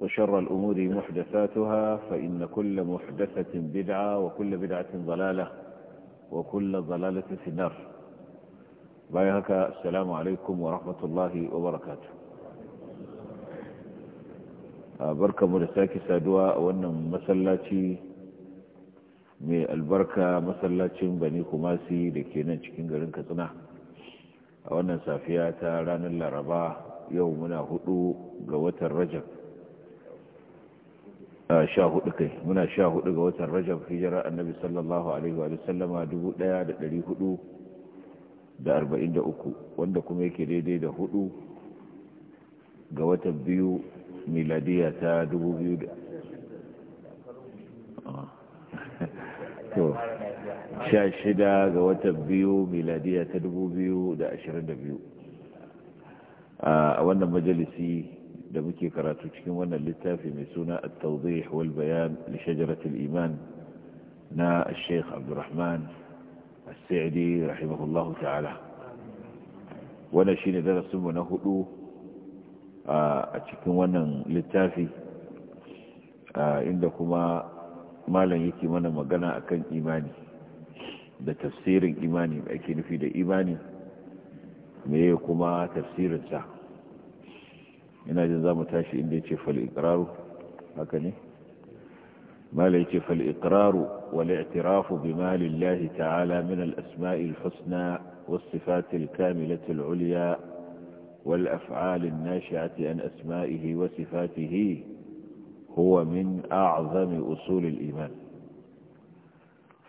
وشر الأمور محدثاتها فإن كل محدثة بدعة وكل بدعة ضلالة وكل ضلالة في النار بايهك السلام عليكم ورحمة الله وبركاته بركة مرساكي سادوا وأن مسلاتي من البركة مسلاتي بني خماسي da ke nan cikin garin katsina a wannan safiya ta ranar laraba yau sha hudu kai muna sha hudu ga watan rajab hijira annabi sallallahu alaihi wa sallama dubu daya da dari hudu da arba'in da uku wanda kuma yake daidai da hudu ga watan biyu miladiya ta dubu biyu da to sha shida ga watan biyu miladiya ta dubu biyu da ashirin da biyu a wannan majalisi da muke karatu cikin wannan littafi mai suna at-tawdih wal bayan li iman na Sheikh Abdurrahman As-Sa'di rahimahullahu ta'ala wannan shine darasin mu na hudu a cikin wannan littafi inda kuma malam yake mana magana akan imani da tafsirin imani ake nufi da imani me kuma tafsirin sa ina jin za mu tashi inda ya ce fal'iƙiraru haka ne mala ya ce fal'iƙiraru wale itirafu bi malillahi ta'ala min al'asma'il husna wasifatil kamilatul uliya wal af'alin nashi'ati an asma'ihi wasifatihi huwa min a'zami usulil iman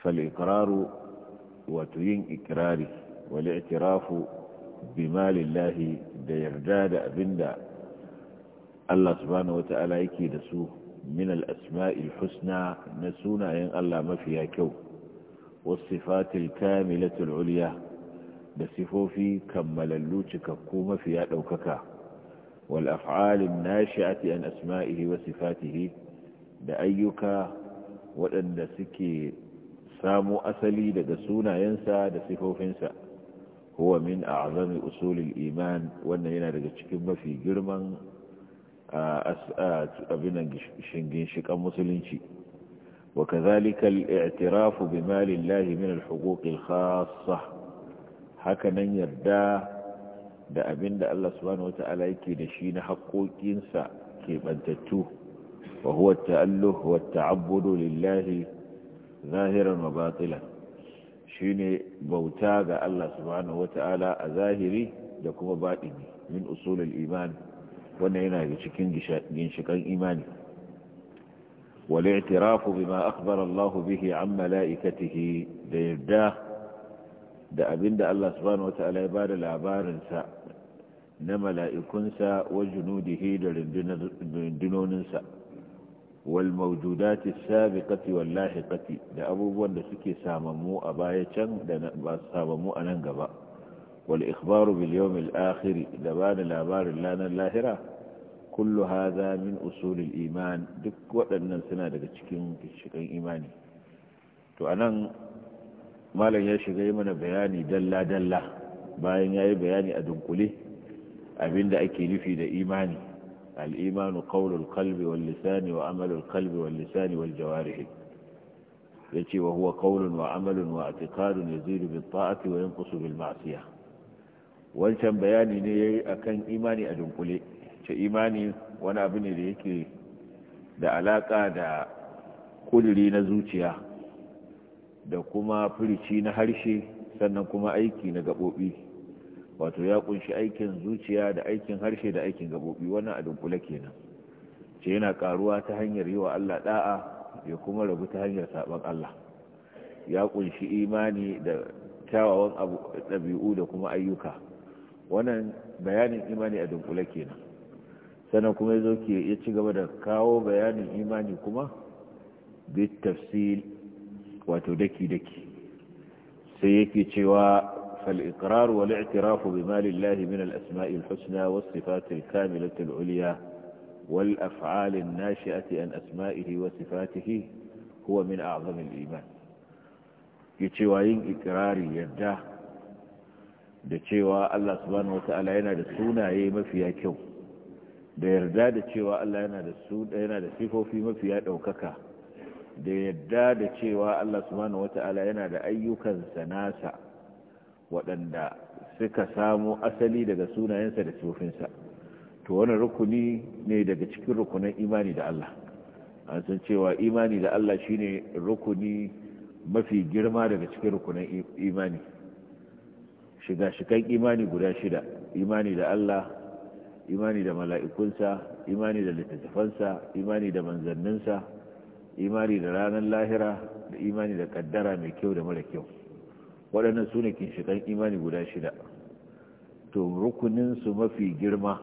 fal'iƙiraru wato yin ikirari wale itirafu bi malillahi da yarda da abinda Allah subhanahu wata'ala yake da su min al-asma'il husna na sunayen Allah mafiya kyau sifatil kamilatul ulya da sifofi kammalallu cikakku mafiya daukaka wal af'alin nashi'ati an asma'ihi wa sifatihi da ayyuka waɗanda suke samu asali daga sunayensa da sifofinsa huwa min a'zami usulil iman wannan yana daga cikin mafi girman abinan ginshikan musulunci wa kazalika al'itirafu bi malillahi lahi min al-huquqil khassa hakanan yarda da abinda Allah subhanahu wata'ala yake da shi na haƙoƙinsa bantattu wa huwa ta'alluh wa ta'abbudu lillahi zahiran wa batilan shine bauta ga Allah subhanahu wata'ala a zahiri da kuma baɗini min usulul iman wannan yana da cikin ginshikan imani والاعتراف بما أخبر الله به عن ملائكته ليبداه da abin da Allah subhanahu wa ta'ala ya ba da labarinsa na mala'ikunsa wa junudihi da rundunoninsa wal mawjudati sabiqati wal lahiqati da abubuwan da suke samammu a baya can da ba samammu a nan gaba wal ikhbaru bil yawmil akhir da ba da labarin lanar lahira kullu hadha min usulil iman duk waɗannan suna daga cikin cikin imani to anan malam ya shiga yi mana bayani dalla dalla bayan yayi bayani a dunkule abinda ake nufi da imani al-imanu qawlul qalbi wal lisani wa amalul qalbi wal lisani wal yace wa huwa qawlun wa amalun wa i'tiqadun yazidu bit ta'ati wa yanqusu bil ma'siyah wancan bayani ne ya yi a kan imani a dunkule ce imani wani abu ne da yake da alaka da kuduri na zuciya da kuma firici na harshe sannan kuma aiki na gabobi wato ya kunshi aikin zuciya da aikin harshe da aikin gabobi wannan a dunkule kenan ce yana karuwa ta hanyar yi wa Allah da'a ya kuma rabu ta hanyar sabon Allah ya kunshi imani da kyawawan ɗabi'u da kuma ayyuka wannan bayanin imani a dunkule kenan sannan kuma yazo ke ya ci gaba da kawo bayanin imani kuma bit tafsil wato daki daki sai yake cewa فالإقرار والاعتراف بما لله من الأسماء الحسنى والصفات الكاملة العليا والأفعال الناشئة عن أسمائه وصفاته هو من أعظم الإيمان يتشوائين إقراري يده da cewa Allah subhanahu wata'ala yana da sunaye mafiya kyau da yarda da cewa Allah yana da su yana da sifofi mafiya daukaka da yarda da cewa Allah subhanahu wata'ala yana da ayyukan sanasa waɗanda suka samo asali daga sunayensa da sifofinsa to wani rukuni ne daga cikin rukunan imani da Allah an san cewa imani da Allah shine rukuni mafi girma daga cikin rukunan imani shiga shikan imani guda shida imani da Allah imani da mala'ikunsa imani da littattafansa imani da manzanninsa imani da ranar lahira da imani da kaddara mai kyau da mara kyau waɗannan su ne imani guda shida to rukuninsu mafi girma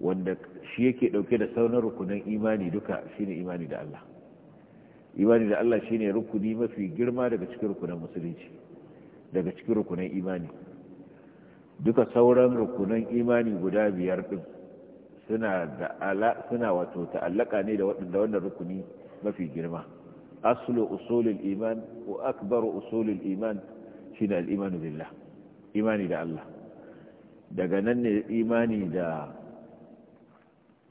wanda shi yake ɗauke da saunar rukunin imani duka shine imani da Allah imani da Allah shine rukuni mafi girma daga cikin rukunin musulunci daga cikin rukunan imani duka sauran rukunan imani guda biyar din suna da ala suna wato ta'allaka ne da waɗanda wannan rukuni mafi girma aslu usulul iman wa akbaru usulul iman shine al-imanu billah imani da Allah daga nan ne imani da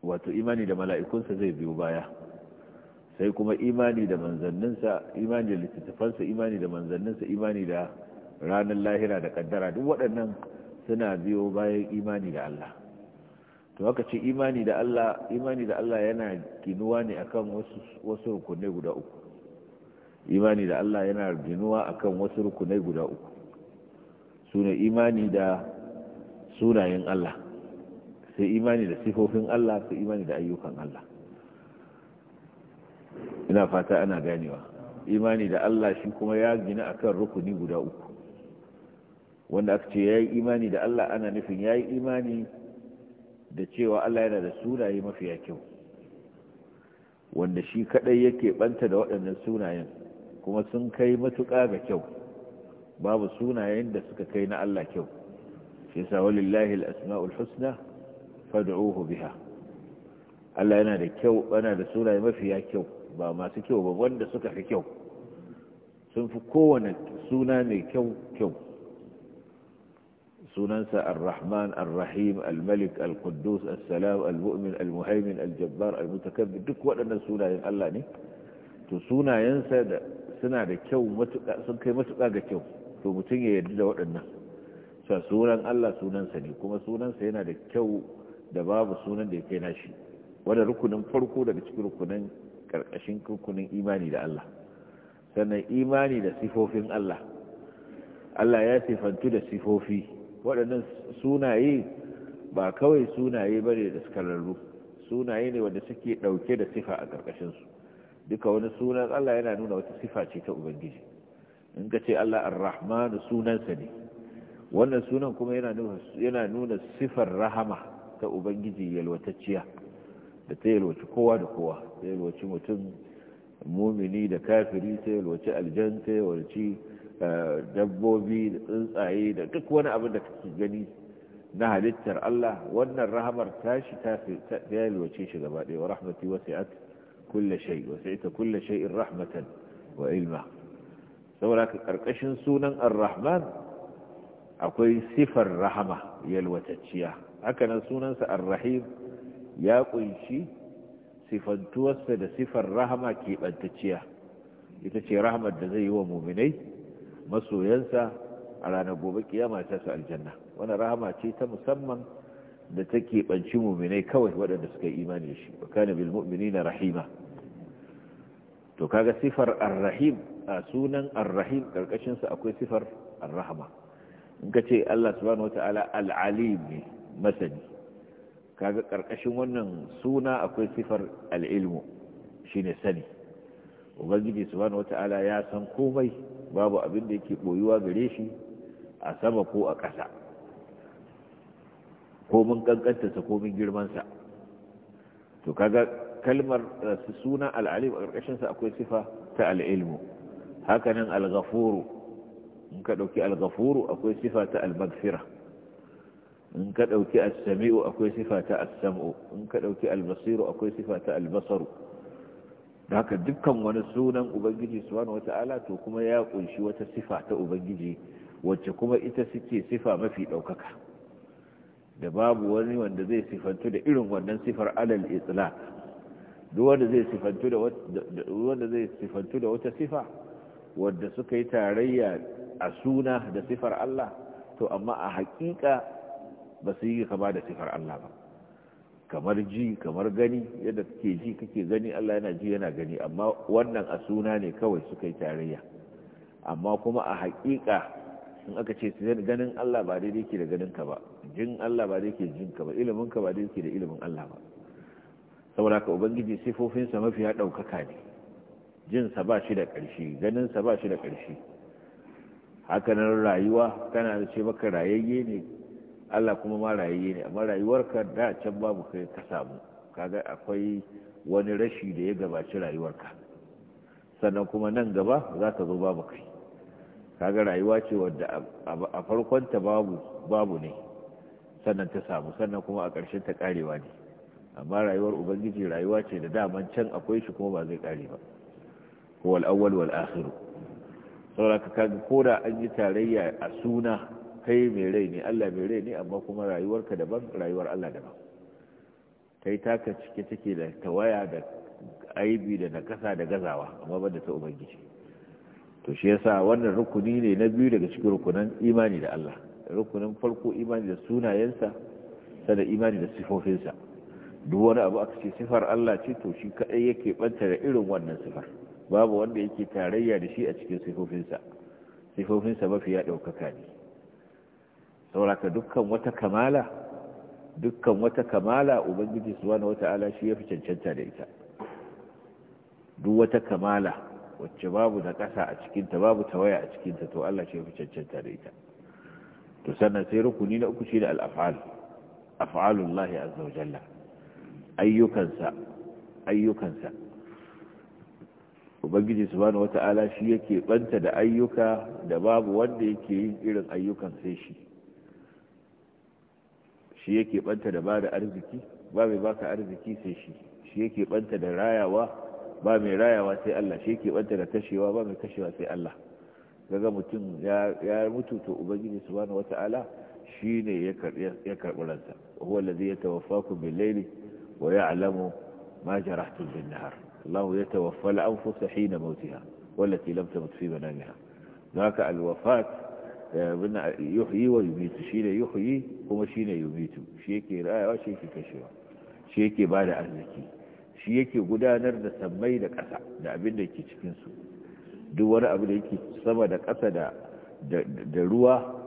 wato imani da mala'ikunsa zai biyo baya sai kuma imani da manzanninsa imani da littattafansa imani da manzanninsa imani da ranar lahira da kaddara duk waɗannan suna biyo bayan imani da Allah to haka ce imani da Allah imani da Allah yana ginuwa ne akan wasu wasu rukunai guda uku imani da Allah yana ginuwa akan wasu rukunai guda uku sune imani da sunayen Allah sai imani da sifofin Allah sai imani da ayyukan Allah ina fata ana ganewa imani da Allah shi kuma ya gina akan rukuni guda uku wanda aka ce ya yi imani da Allah ana nufin ya yi imani da cewa Allah yana da sunaye mafiya kyau wanda shi kadai yake banta da waɗannan sunayen kuma sun kai matuƙa ga kyau babu sunayen da suka kai na Allah kyau shi sa walillahi al’asma’ul asmaul husna fad'uhu biha Allah yana da kyau bana da sunaye mafiya kyau ba masu kyau ba wanda suka fi kyau sun fi kowane suna mai kyau kyau sunansa ar-rahman ar-rahim al-malik al-quddus as-salam al-mu'min al-muhaimin al-jabbar al-mutakabbir duk waɗannan sunayen Allah ne to sunayensa da suna da kyau sun kai matuƙa ga kyau to mutum ya yarda da waɗannan sa sunan Allah sunansa ne kuma sunansa yana da kyau da babu sunan da ya kai nashi wanda rukunin farko daga cikin rukunin karkashin rukunin imani da Allah sannan imani da sifofin Allah Allah ya sifantu da sifofi waɗannan sunaye ba kawai sunaye ba ne da kararru sunaye ne wanda suke ɗauke da sifa a ƙarƙashinsu duka wani sunan Allah yana nuna wata sifa ce ta Ubangiji in ka ce Allah ar-Rahmanu sunansa ne wannan sunan kuma yana nuna sifar rahama ta Ubangiji yalwatacciya da ta yalwaci kowa da kowa ta yalwaci mutum mumini da kafiri ta yalwaci aljan ta yalwaci dabbobi da tsuntsaye da duk wani abin da kake gani na halittar Allah wannan rahamar tashi ta yalwace shi gaba ɗaya wa rahmati wasi'at kulle shay wasi'ta kulle shay'in rahmatan wa ilma saboda ka karkashin sunan ar-rahman akwai sifar rahama yalwatacciya haka nan sunansa ar-rahim ya kunshi sifantuwarsa da sifar rahama keɓantacciya ita ce rahamar da zai yi wa muminai masoyansa a ranar gobe kiyama ta su aljanna wani rahama ce ta musamman da take banci muminai kawai waɗanda suka yi imani shi wa na bil rahima to kaga sifar arrahim a sunan arrahim karkashin akwai sifar ar-rahma in ka ce Allah subhanahu wataala al masani kaga karkashin wannan suna akwai sifar al'ilmu shine sani ubangiji subhanahu wataala ya san komai babu abin da yake koyuwa gare shi a sama ko a ƙasa ko mun kankanta sa ko mun girman sa to kaga kalmar eh, suna al a ƙarƙashinsa akwai sifa ta al'ilmu, hakanan haka in ka ɗauki al akwai sifa ta al-maghfira in ka ɗauki as-sami'u akwai sifa ta as-sam'u in ka ɗauki al-basiru akwai sifa ta al-basaru haka dukkan wani sunan ubangiji subhanahu wata'ala to kuma ya kunshi wata sifa ta ubangiji wacce kuma ita suke sifa mafi daukaka da babu wani wanda zai sifantu da irin wannan sifar alal itlaq duk wanda zai sifantu da wanda zai sifantu da wata sifa wanda suka yi tarayya a suna da sifar Allah to amma a hakika ba su yi kama da sifar Allah ba kamar ji kamar gani yadda kake ji kake gani Allah yana ji yana gani amma wannan a suna ne kawai suka yi tarayya amma kuma a haƙiƙa in aka ce ganin Allah ba daidai ke da ganin ka ba jin Allah ba daidai ke jin ka ba ilimin ka ba daidai ke da ilimin Allah ba saboda ka ubangiji sifofinsa mafiya ɗaukaka ne jin sa ba shi da ƙarshe ganin sa ba shi da ƙarshe hakanan rayuwa kana da ce maka rayayye ne Allah kuma ma rayayye ne amma rayuwarka da can babu kai ka samu kaga akwai wani rashi da ya gabaci rayuwarka sannan kuma nan gaba za ka zo babu kai kaga rayuwa ce wadda a farkonta babu babu ne sannan ta samu sannan kuma a ƙarshen ta karewa ne amma rayuwar ubangiji rayuwa ce da daman can akwai shi kuma ba zai kare ba huwal awwal wal akhir saboda kaga koda an yi tarayya a suna kai mai rai ne Allah mai rai ne amma kuma rayuwarka daban rayuwar Allah daban kai taka cike take da tawaya da aibi da nakasa da gazawa amma banda ta ubangiji to shi yasa wannan rukuni ne na biyu daga cikin rukunan imani da Allah rukunin farko imani da sunayensa sada imani da sifofinsa duk wani abu aka ce sifar Allah ce to shi kaɗai yake ɓanta da irin wannan sifar babu wanda yake tarayya da shi a cikin sifofinsa sifofinsa ya ɗaukaka ne sauraka dukkan wata kamala dukkan wata kamala ubangiji subhanahu wata'ala shi ya fi cancanta da ita duk wata kamala wacce babu da ƙasa a cikinta babu tawaya a cikinta to Allah shi ya fi cancanta da ita to sannan sai rukuni na uku shine al-af'al af'alullah azza wa jalla ayyukansa ayyukansa ubangiji subhanahu wata'ala shi yake banta da ayyuka da babu wanda yake yin irin ayyukan sai shi shi yake banta da ba da arziki ba mai baka arziki sai shi shi yake banta da rayawa ba mai rayawa sai Allah shi yake banta da kashewa ba mai kashewa sai Allah daga mutum ya mutu to ubangiji subhanahu wata'ala shine ya karbi ya karbi ransa huwa allazi yatawaffaku bil layli wa ya'lamu ma jarahtum bin nahar Allah yatawaffa al anfus hina mawtiha wallati lam tamut fi manamiha zaka al wafat yuhyi wa yumitu ne yuhyi kuma shi ne yumitu shi yake rayawa shi yake kashewa shi yake bada arziki shi yake gudanar da sammai da ƙasa da abin da yake cikinsu duk wani abu da yake sama da ƙasa da ruwa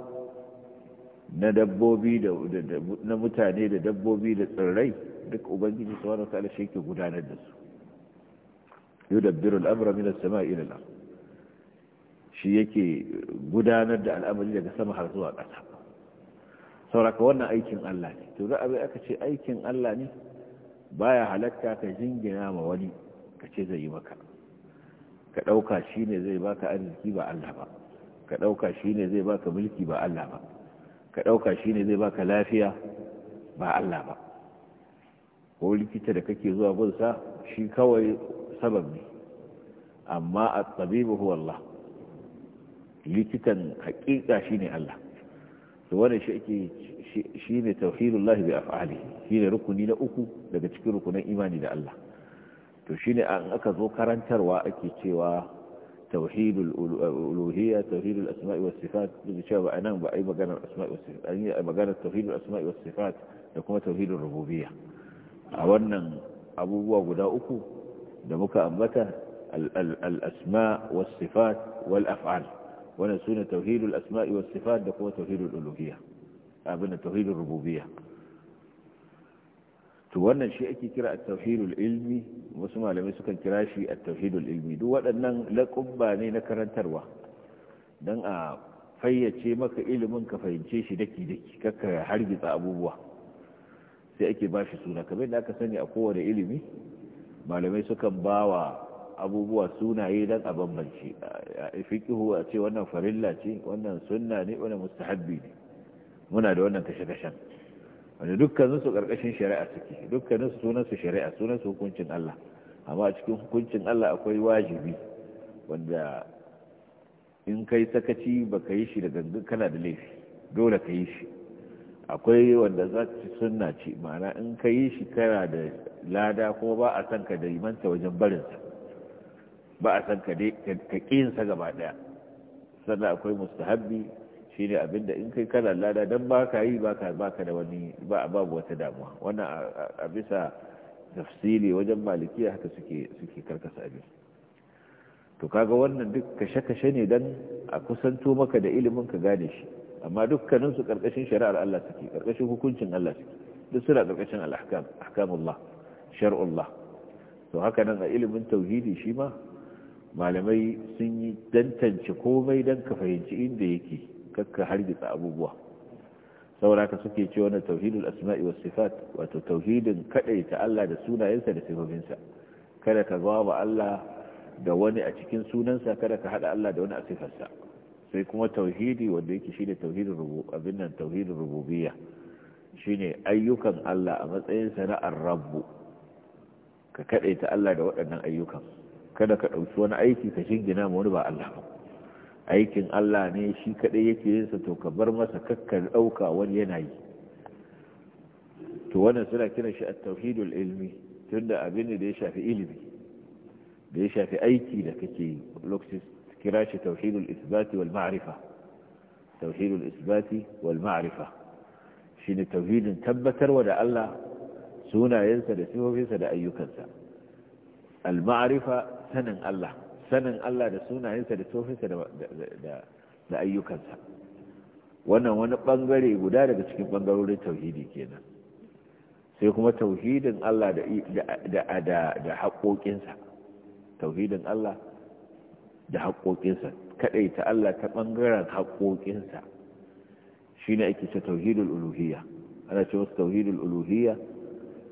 na dabbobi na mutane da dabbobi da tsirrai duk ubangiji su wani kala shi yake gudanar da su yudabbirul amra min as-sama'i ila al-ardh shi yake gudanar da al'amari daga sama har zuwa ƙasa sauraka wannan aikin Allah ne to da abin aka ce aikin Allah ne baya halatta ka jingina ma wani ka ce zai yi maka ka ɗauka shi ne zai baka arziki ba Allah ba ka ɗauka shi ne zai baka mulki ba Allah ba ka ɗauka shi ne zai baka lafiya ba Allah ba ko likita da kake zuwa gunsa shi kawai sabab ne amma a tsabibu huwa Allah likitan hakika shine Allah to wannan shi ake shine tauhidullahi bi af'ali shine rukuni na uku daga cikin rukunan imani da Allah to shine an aka zo karantarwa ake cewa tauhidul uluhiyya tauhidul asma'i was sifat da cewa ba anan ba ai maganar asma'i was sifat an yi magana tauhidul asma'i was sifat da kuma tauhidul rububiyya a wannan abubuwa guda uku da muka ambata al asma was sifat wal af'al wannan sune tauhidul asma'i was sifat da kuma tauhidul uluhiyya abin da tauhidul rububiyya to wannan shi ake kira at-tauhidul ilmi wasu malamai sukan kira shi at-tauhidul ilmi duk waɗannan laqabba ne na karantarwa dan a fayyace maka ilimin ka fahimce shi daki daki kakka hargitsa abubuwa sai ake bashi suna kamar da aka sani a kowane ilimi malamai sukan bawa abubuwa sunaye don a bambance fiqihu a ce wannan farilla ce wannan sunna ne wannan mustahabbi ne muna da wannan kashe-kashen wanda dukkanin su karkashin shari'a suke dukkanin su sunan su shari'a sunan su hukuncin Allah amma a cikin hukuncin Allah akwai wajibi wanda in kai sakaci baka yi shi da gangan kana da laifi dole ka yi shi akwai wanda za ci sunna ce ma'ana in ka yi shi kana da lada kuma ba a san ka da imanta wajen barinsa ba a san ka ƙinsa gaba ɗaya sannan akwai mustahabbi shi ne abinda in kai kana lada don ba ka yi ba ka da wani ba a babu wata damuwa wannan a bisa tafsiri wajen malikiya haka suke karkasa abin to kaga wannan duk kashe-kashe ne don a kusanto maka da ilimin ka gane shi amma dukkaninsu karkashin shari'ar Allah suke karkashin hukuncin Allah suke duk suna karkashin al'ahkamullah shar'ullah to haka nan a ilimin tauhidi shi ma malamai sun yi tantance komai don ka fahimci inda yake kakka hargitsa abubuwa sauraka suke ce wannan tauhidul asma'i was sifat wato tauhidin ta Allah da sunayensa da sifofinsa kada ka gaba Allah da wani a cikin sunansa kada ka hada Allah da wani a sifarsa sai kuma tauhidi wanda yake shine tauhidul abin nan tauhidin rububiyya shine ayyukan Allah a matsayin sana'ar rabbu ka kadaita Allah da waɗannan ayyukan kada ka ɗauki wani aiki ka shingina ma wani ba Allah ba aikin Allah ne shi kaɗai yake yin sa to ka bar masa kakkar ɗauka wani yana yi to wannan suna kiran shi at-tauhidul ilmi tunda abin da ya shafi ilimi da ya shafi aiki da kake yi lokacin kira shi tauhidul isbati wal ma'rifa tauhidul isbati wal ma'rifa shine tauhidin tabbatarwa da Allah sunayensa da sifofinsa da ayyukansa al-ma'rifa sanin Allah sanin Allah da sunayensa da tofinsa da ayyukansa wannan wani bangare guda daga cikin bangarorin tauhidi kenan sai kuma tauhidin Allah da haƙoƙinsa tauhidin Allah da haƙoƙinsa ta Allah ta ɓangaren haƙoƙinsa shi ne ake ce tauhidul uluhiyya ana ce wasu tauhidul uluhiyya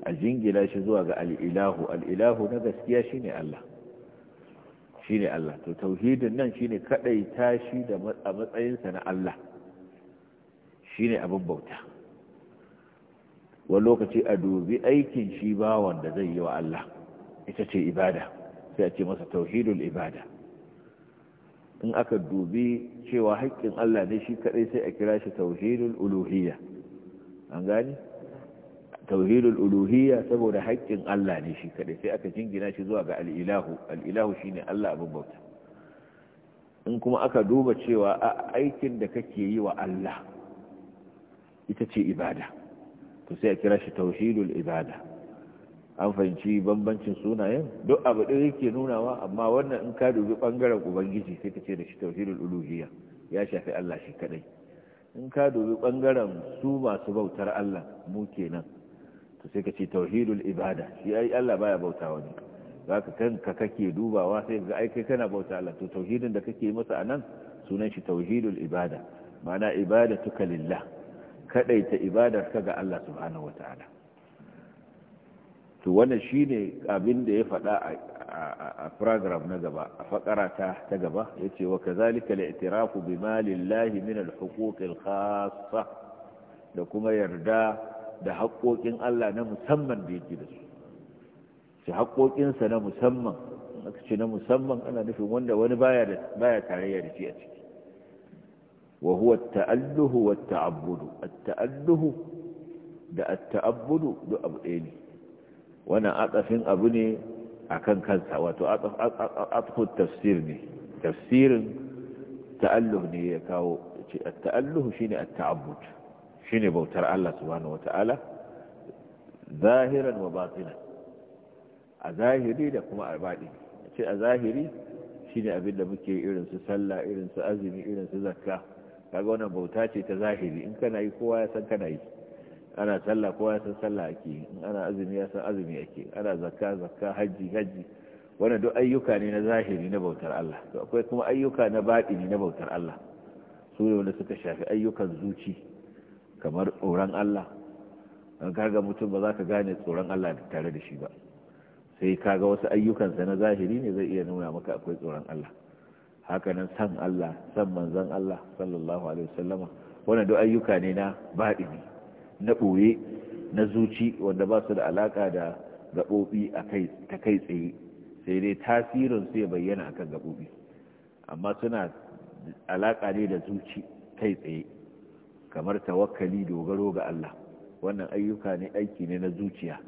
a jingila shi zuwa ga al'ilahu al'ilahu na gaskiya shi ne Allah shine Allah to tauhidin nan shine kadai tashi da a matsayinsa na Allah shine abin bauta wani lokaci a dubi aikin shi bawan da zai yi wa Allah ita ce ibada sai a ce masa tauhidul ibada in aka dubi cewa haƙƙin Allah ne shi kadai sai a kira shi tauhidul uluhiyya an gani tauhidul uluhiya saboda haƙƙin Allah ne shi kaɗai sai aka jingina shi zuwa ga al'ilahu al'ilahu shi ne Allah abin bauta in kuma aka duba cewa a aikin da kake yi wa Allah ita ce ibada to sai a kira shi tauhidul ibada an fahimci bambancin sunayen duk abu ɗin yake nunawa amma wannan in ka dubi ɓangaren ubangiji sai ka ce da shi tauhidul uluhiya ya shafi Allah shi kaɗai in ka dubi ɓangaren su masu bautar Allah mu kenan sai ka ce tauhidul ibada shi ai Allah baya bauta wani zaka kanka kake dubawa sai ga ai kai kana bauta Allah to tauhidin da kake masa anan sunan shi tauhidul ibada ma'ana ibadatuka lillah kadaita ibadar ka ga Allah subhanahu wataala to wannan shine abin da ya faɗa a program na gaba a fakara ta ta gaba yace wa kazalika al-i'tirafu bima lillahi min al-huquq al-khassa da kuma yarda da haƙoƙin Allah na musamman da yake da su shi haƙoƙinsa na musamman aka ce na musamman ana nufin wanda wani baya tarayya da shi a ciki wa huwa ta'alluhu wa ta'abbudu taalluhu da at-ta'abbudu duk abu ɗaya ne wannan atsafin abu ne akan kansa wato atafin tafsir ne tafsirin ta'alluhu ne ya kawo ce at-ta'alluhu shine at-ta'abbud shine bautar Allah subhanahu ta’ala zahiran wa batina a zahiri da kuma a baɗi ce a zahiri shine abin da muke irin su sallah irin su azumi irin su zakka kaga wannan bauta ce ta zahiri in kana yi kowa ya san kana yi ana sallah kowa ya san sallah ake in ana azumi ya san azumi ake ana zakka zakka haji haji wannan duk ayyuka ne na zahiri na bautar Allah to akwai kuma ayyuka na ne na bautar Allah su ne wanda suka shafi ayyukan zuci kamar tsoron Allah don kaga mutum ba za ka gane tsoron Allah tare da shi ba sai kaga wasu ayyukansa na zahiri ne zai iya nuna maka akwai tsoron Allah hakanan san Allah san manzan Allah sallallahu alaihi wasallama wanda duk ayyuka ne na baɗini na ɓoye na zuci wanda ba su da alaka da gaɓoɓi ta kai tsaye sai dai tasirin su ya bayyana akan gaɓoɓi amma suna alaƙa ne da zuci kai tsaye kamar tawakkali dogaro ga Allah wannan ayyuka ne aiki ne na zuciya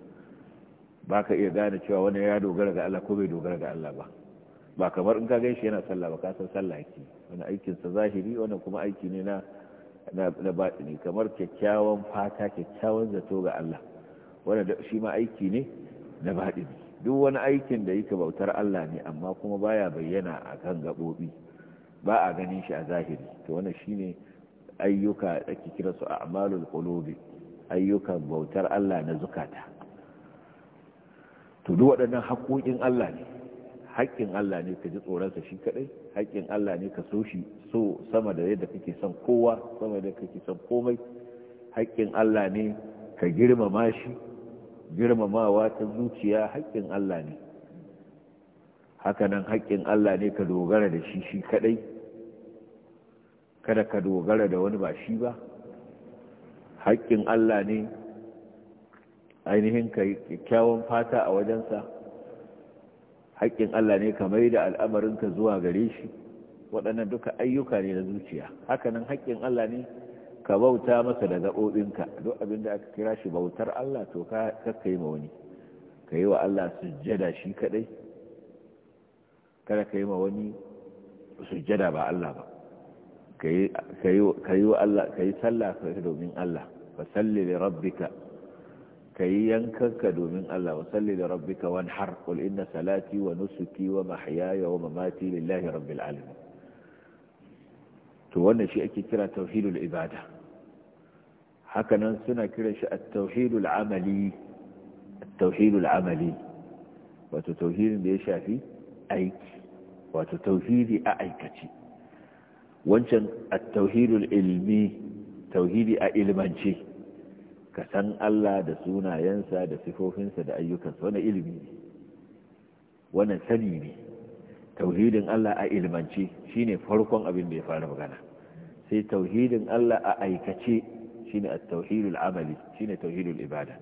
ba ka iya gane cewa wani ya dogara ga Allah ko bai dogara ga Allah ba ba kamar in ka gan shi yana sallah ba san sallah yake wani aikinsa zahiri wannan kuma aiki ne na na batini kamar kyakkyawan fata kyakkyawan zato ga Allah da shi ma aiki ne na batini duk wani aikin da yake bautar Allah ne amma kuma baya bayyana a kan gaɓoɓi ba a ganin shi a zahiri to wannan shine. ayyuka ke kira su a'malul qulubi ayyukan bautar Allah na zukata to waɗannan haƙoƙin Allah ne haƙƙin Allah ne ka ji tsoronsa shi kaɗai haƙƙin Allah ne ka so shi so sama da yadda kake son kowa sama da kake son komai haƙƙin Allah ne ka girmama shi girmamawa ta zuciya haƙƙin Allah ne hakanan haƙƙin Allah ne ka dogara da shi shi kaɗai kada ka dogara da wani ba shi ba haƙƙin Allah ne ainihin ka kyakkyawan fata a wajensa haƙƙin Allah ne ka mai da al'amarinka zuwa gare shi waɗannan duka ayyuka ne na zuciya hakanan haƙƙin Allah ne ka bauta masa da gaɓoɓinka duk abinda aka kira shi bautar Allah to ka kakka yi ma wani ka yi wa Allah sujjada shi kaɗai kada ka yi ma wani sujjada ba Allah ba ka yi wa sallah domin Allah fa salli li rabbika ka yi yankanka domin Allah wa salli li rabbika wani har qul na salati wa nusuki wa mahyaya wa mamati lillahi rabbil alamin to wannan shi ake kira tauhidul ibada hakanan suna kiran shi a tauhidul amali at-tauhidul amali wato tauhidin da ya shafi aiki wato tauhidi a aikace wancan a tauhidul ilmi tauhidi a ilmance ka san Allah da sunayensa da sifofinsa da ayyukansa wannan ilimi wannan sani ne tauhidin Allah a ilmance shine farkon abin da ya fara magana sai tauhidin Allah a aikace shine a tauhidul amali shine tauhidul ibada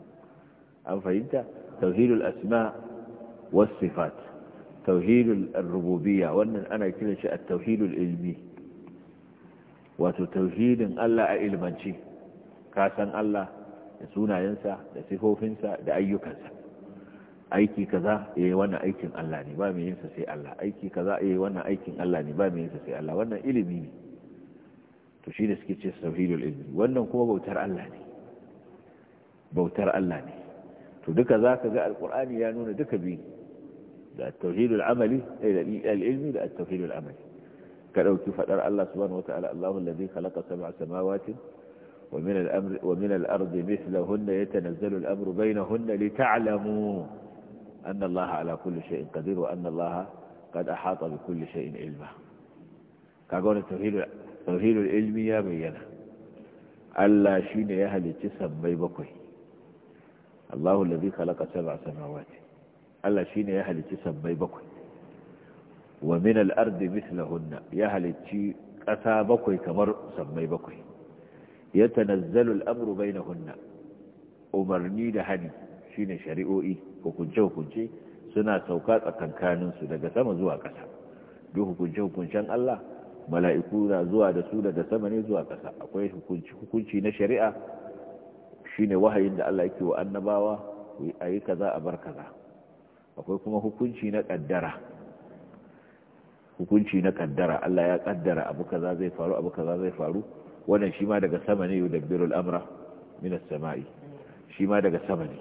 an fahimta tauhidul asma was sifat tauhidul rububiyya wannan ana kiran shi a tauhidul ilmi wato tauhidin Allah a ilmanci ka san Allah da sunayensa da sifofinsa da ayyukansa aiki kaza yayi eh, wannan aikin Allah ne ba mai yin sa sai Allah aiki kaza yayi eh, wannan aikin Allah ne ba mai yin sa sai Allah wannan ilimi ne to shi da suke ce tauhidul ilmi wannan kuma bautar Allah ne bautar Allah ne to duka zaka ga alqur'ani ya nuna duka biyu da tauhidul amali eh, da al-ilmi da tauhidul amali كدوكي فدر الله سبحانه وتعالى الله الذي خلق سبع سماوات ومن الامر ومن الارض مثلهن يتنزل الامر بينهن لتعلموا ان الله على كل شيء قدير وان الله قد احاط بكل شيء علما كاغون التوحيد التوحيد العلمي يا الله شين يا اهل الجسم باي بكوي الله الذي خلق سبع سماوات الله شين يا اهل الجسم باي بكوي wa min al'ardi mislahunna ya halicci ƙasa bakwai kamar sammai bakwai ya tanazzalu al'amru bainahunna umarni da hani shine shari'o'i hukunce-hukunce suna sauka tsakankaninsu daga sama zuwa ƙasa duk hukunce-hukuncen Allah mala'iku na zuwa da su daga sama ne zuwa ƙasa akwai hukunci na shari'a shine wahayin da Allah yake wa annabawa a yi kaza a bar kaza akwai kuma hukunci na ƙaddara hukunci na kaddara Allah ya kaddara abu kaza zai faru abu kaza zai faru wannan shi ma daga sama ne yudabbirul amra min as-sama'i shi ma daga sama ne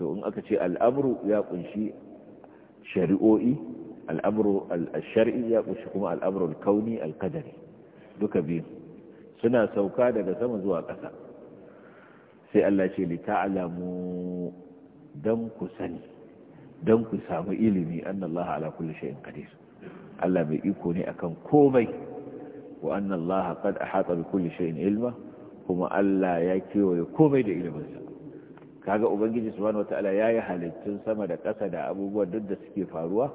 to in aka ce al'amru ya kunshi shari'o'i al'amru al-shar'i ya kunshi kuma al'amru al-kauni al-qadari duka biyu suna sauka daga sama zuwa ƙasa sai Allah ce li ta'lamu dan ku sani dan ku samu ilimi annallaha ala kulli shay'in qadir Allah mai iko ne akan komai wa annallaha Allah qad ahata bi kulli shay'in ilma kuma Allah ya kewaye komai da iliminsa kaga ubangiji subhanahu wataala yi halittun sama da ƙasa da abubuwan duk da suke faruwa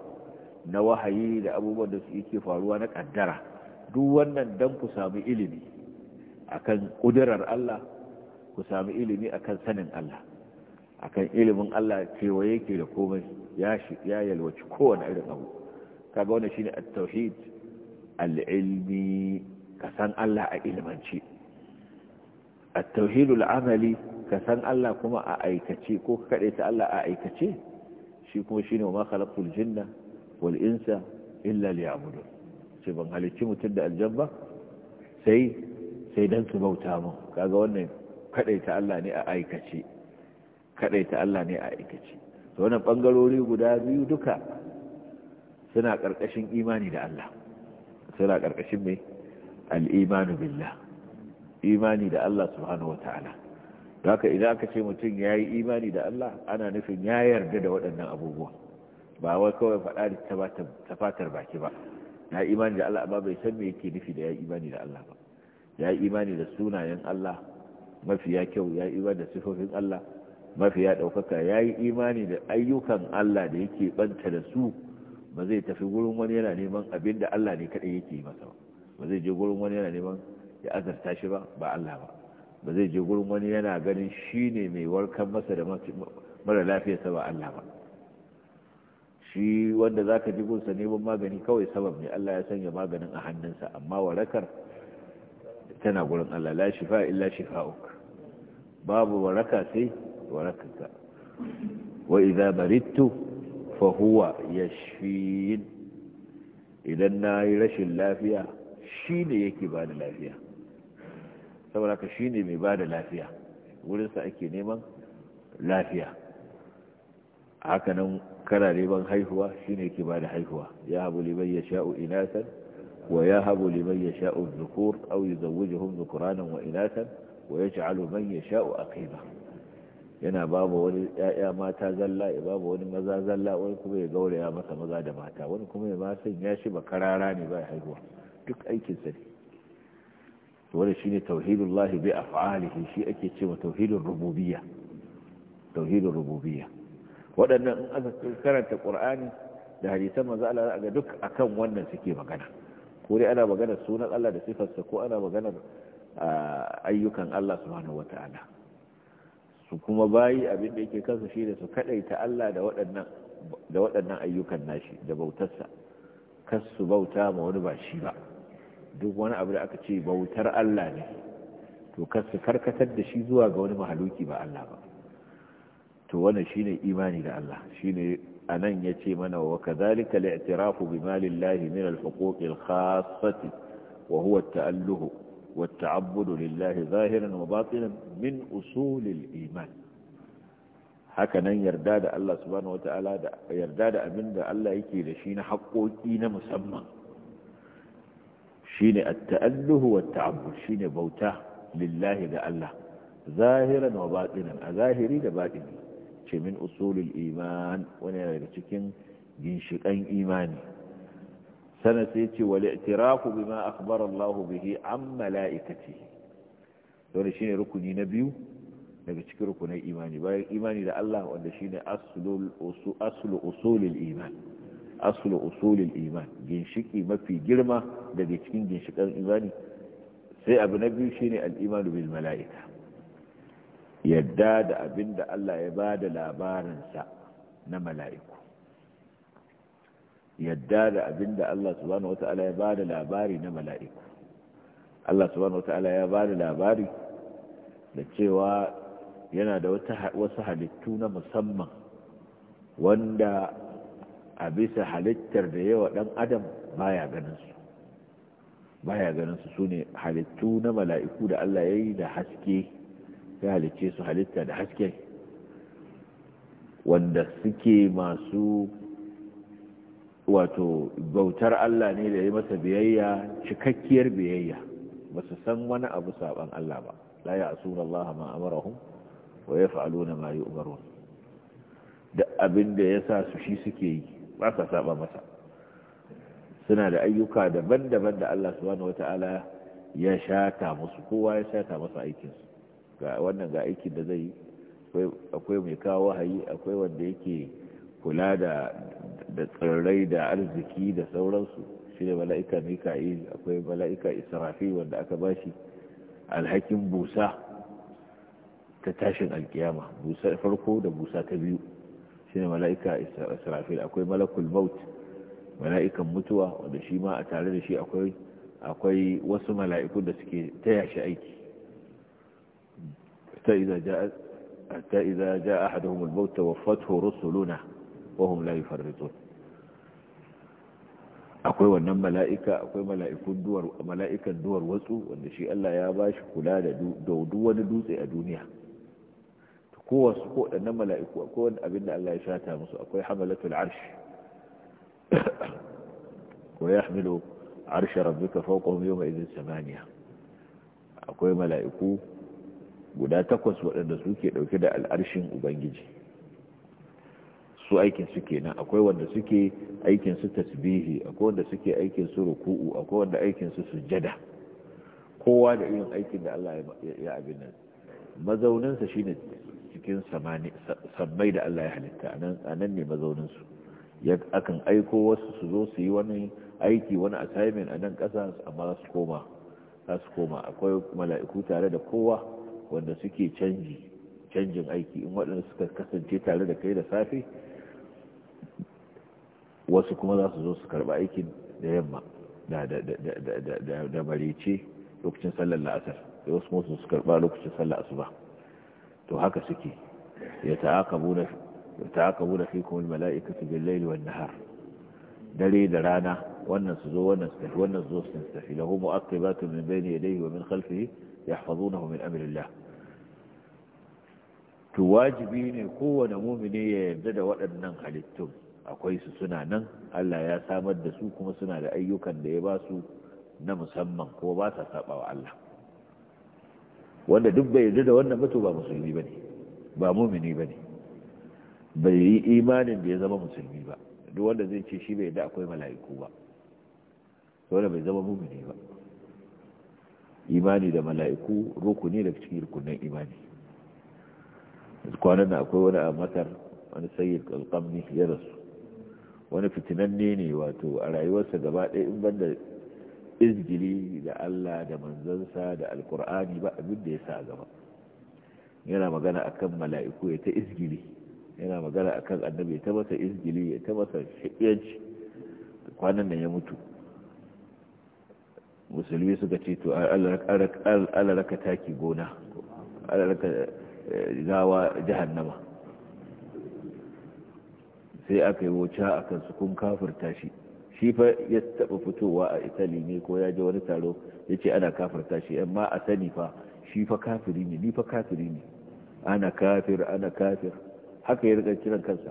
na wahayi da abubuwan da suke faruwa na kaddara duk wannan dan ku samu ilimi akan kudurar Allah ku samu ilimi akan sanin Allah akan ilimin Allah kewaye ke da komai ya yalwaci kowane irin abu kaga wannan shine at-tauhid al-ilmi ka san Allah a ilmance at-tauhid amali ka san Allah kuma a aikace ko ka ta Allah a aikace shi kuma shine wa ma khalaqtul jinna wal insa illa liya'budun sai ban halicci mutum da aljabba sai sai dan su bauta mu kaga wannan ta Allah ne a aikace ta Allah ne a aikace to wannan bangarori guda biyu duka suna ƙarƙashin imani da Allah suna ƙarƙashin mai al'imanu billah imani da Allah subhanahu wata'ala da haka idan aka ce mutum ya yi imani da Allah ana nufin ya yarda da waɗannan abubuwa ba wai kawai faɗa da ta fatar baki ba yi imani da Allah ba bai san me yake nufi da ya yi imani da Allah ba ya yi imani da sunayen Allah mafiya kyau ya yi imani da sifofin Allah mafiya ɗaukaka ya yi imani da ayyukan Allah da yake ɓanta da su ba zai tafi gurin wani yana neman abin da Allah ne kaɗai yake yi masa ba zai je gurin wani yana neman ya azarta shi ba ba Allah ba ba zai je gurin wani yana ganin shi ne mai warkar masa da mara lafiyarsa ba Allah ba shi wanda za ka ji gunsa neman magani kawai sabab ne Allah ya sanya maganin a hannunsa amma warakar tana gurin Allah la shifa illa shifa'uk babu waraka sai warakarka wa idza maridtu fahuwa ya idan na yi rashin lafiya shi ne yake ba da lafiya saboda ka shi ne mai ba da lafiya wurinsa ake neman lafiya haka nan kana neman haihuwa shi ne yake ba da haihuwa ya habu liman ya sha'u inasan wa ya habu liman ya sha'u zukur au yi zawujihun zukuranan wa inasan wa ya sha'alu man ya sha'u ba. yana babu wani ‘ya'ya mata zalla ya babu wani maza zalla wani kuma ya gauraya masa maza da mata wani kuma ya masa ya shi ba karara ne ba haihuwa duk aikinsa ne wani shi ne tauhidun lahi bai a fa'alihi shi ake ce wa tauhidun rububiya tauhidun rububiya waɗannan in aka karanta ƙur'ani da hadisan maza Allah za ga duk akan wannan suke magana ko dai ana magana sunan Allah da sifarsa ko ana magana ah, ayyukan Allah subhanahu wata'ala su kuma bayi abin da yake kansu shi da su ta Allah da waɗannan da waɗannan ayyukan nashi da bautarsa kas su bauta ma wani ba shi ba duk wani abu da aka ce bautar Allah ne to kas su karkatar da shi zuwa ga wani mahaluki ba Allah ba to wannan shine imani da Allah shine anan yace mana wa kadhalika al-i'tirafu bi malillahi min al-huquq al-khassati wa huwa at-ta'alluhu والتعبد لله ظاهرا وباطنا من أصول الإيمان haka nan yarda da Allah subhanahu wata'ala da yarda da abinda Allah yake da shi na haƙoƙi na musamman shine at-ta'alluhu shine bauta lillahi da Allah zahiran wa a zahiri da batini ce min usulul iman wani cikin ginshikan imani sana sai ce wal i'tirafu bima akhbara Allah bihi an mala'ikati dole shine rukuni na biyu daga cikin rukunin imani bayan imani da Allah wanda shine aslul usul aslu iman aslu iman ginshiki mafi girma daga cikin ginshikan imani sai abu na biyu shine al-iman bil mala'ika yadda da abinda Allah ya bada labarin sa na mala'iku yadda da abinda Allah subhanahu wata'ala ya bada labari na mala'iku Allah subhanahu wata'ala ya bada labari da cewa yana da wasu halittu na musamman wanda a bisa halittar da yawa ɗan adam baya su, baya ganinsu su sune halittu na mala'iku da Allah ya yi da haske ya halicce su halitta da haske wanda suke masu wato bautar Allah ne da ya masa biyayya cikakkiyar biyayya ba su san wani abu saban Allah ba la ya asuna Allah ma amarahum wa yaf'aluna ma yu'marun da abin da yasa su shi suke yi ba sa saba masa suna da ayyuka daban-daban da Allah subhanahu wata'ala ya shata musu kowa ya shata masa aikin ga wannan ga aikin da zai akwai mai kawo wahayi akwai wanda yake kula da da tsirrai da arziki da sauransu shi ne mala'ika mika'il akwai mala'ika israfi wanda aka ba shi alhakin busa ta tashin alkiyama busa farko da busa ta biyu shi ne mala'ika israfi akwai malakul maut mala'ikan mutuwa wanda shi ma a tare da shi akwai wasu mala'iku da suke ta yashi aiki ta iza ja ahaduhum al-maut tawaffathu rusuluna wahum la yufarritun akwai wannan mala'ika akwai mala'ikun duwar mala'ikan duwar watsu wanda shi Allah ya bashi kula da duk wani dutse a duniya to wasu ko wannan mala'iku akwai wani abin da Allah ya shata musu akwai hamalatul arsh wa yahmilu arsh rabbika fawqahum yawma idhin samaniya akwai mala'iku guda takwas waɗanda suke ɗauke da al'arshin ubangiji su aikin su kenan akwai wanda suke aikin su tasbihi akwai wanda suke aikin su ruku'u akwai wanda aikin su sujada kowa da irin aikin da Allah ya abin nan mazauninsa shine cikin sabbai da Allah ya halitta a nan ne mazauninsu akan aiko wasu su zo su yi wani aiki wani assignment a nan amma su koma su koma akwai mala'iku tare da kowa wanda suke canji canjin aiki in waɗanda suka kasance tare da kai da safe wasu kuma za su zo su karba aikin da yamma da marice lokacin sallar la'asar da wasu kuma su karba lokacin sallar asuba to haka suke ya ta'akabu da fi kuma mala'ikatu bin laili wa nahar dare da rana wannan su zo wannan su tafi wannan su zo su tafi lahu mu'aqibatu min bayni ya wa min khalfihi yahfazunahu min amrillah to wajibi ne kowane mumini ya yarda da waɗannan halittun akwai su suna nan Allah ya samar da su kuma suna da ayyukan da ya ba su na musamman ko ba sa saba wa Allah wanda duk bai yarda da wannan mutu ba musulmi bane ba mumini bane bai yi imanin da ya zama musulmi ba duk wanda zai ce shi bai yarda akwai mala'iku ba wanda bai zama mumini ba imani da mala'iku rukuni daga cikin rukunin imani kwanan akwai wani a matar wani sayyid alƙamni ya rasu wani fitinanne ne wato a rayuwarsa gaba ɗaya in banda izgili da Allah da manzansa da alkur'ani ba abin da ya sa gaba yana magana akan mala'iku ya ta izgili yana magana akan annabi ya ta masa izgili ya ta masa da kwanan da ya mutu musulmi suka ce to alaraka taki gona alaraka eh, gawa jahannama sai aka yi wuce a su kun kafirta shi shi fa ya taɓa fitowa a italy ne ko ya je wani taro ya ce ana kafirta shi amma a sani fa shi fa kafiri ne ni fa kafiri ne ana kafir ana kafir haka ya rika kiran kansa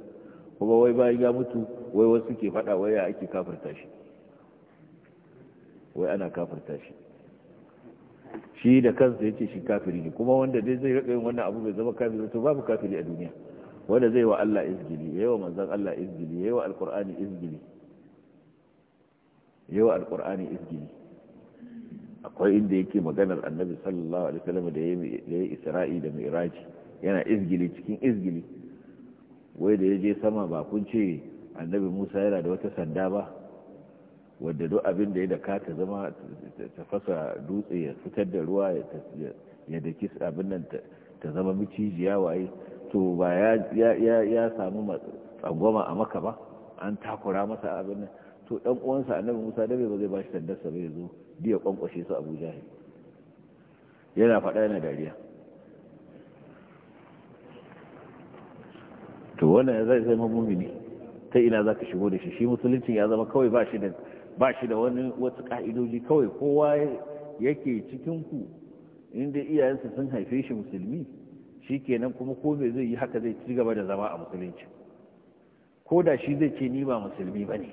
kuma wai bayan ya mutu wai wasu ke faɗa wai ya ake kafirta shi wai ana kafirta shi shi da kansa ya ce shi kafiri ne kuma wanda dai zai rika yin wannan abu bai zama kafiri to babu kafiri a duniya wanda zai wa Allah izgili yayi wa manzon Allah izgili yayi wa alqur'ani izgili yayi wa alqur'ani izgili akwai inda yake maganar annabi sallallahu alaihi wasallam da yayi isra'i da mi'raji yana izgili cikin izgili wai da yaje sama ba kun ce annabi Musa yana da wata sanda ba wadda duk abin da ya daka ta zama ta fasa dutse ya fitar da ruwa ya daki abin nan ta zama ya waye to ba ya samu tsagoma a maka ba an takura masa abin nan to dan uwansa annabi Musa dabe ba zai bashi tandarsa ba zo biya kwankwashe su Abu Jahil yana faɗa yana dariya to wannan ya zai zama mumini ta ina zaka shigo da shi shi musulunci ya zama kawai ba shi da ba shi da wani wasu ka'idoji kawai kowa yake cikin ku inda iyayensa sun haife shi musulmi shi kenan kuma ko me zai yi haka zai ci gaba da zama a musulunci ko da shi zai ce ni ba musulmi ba ne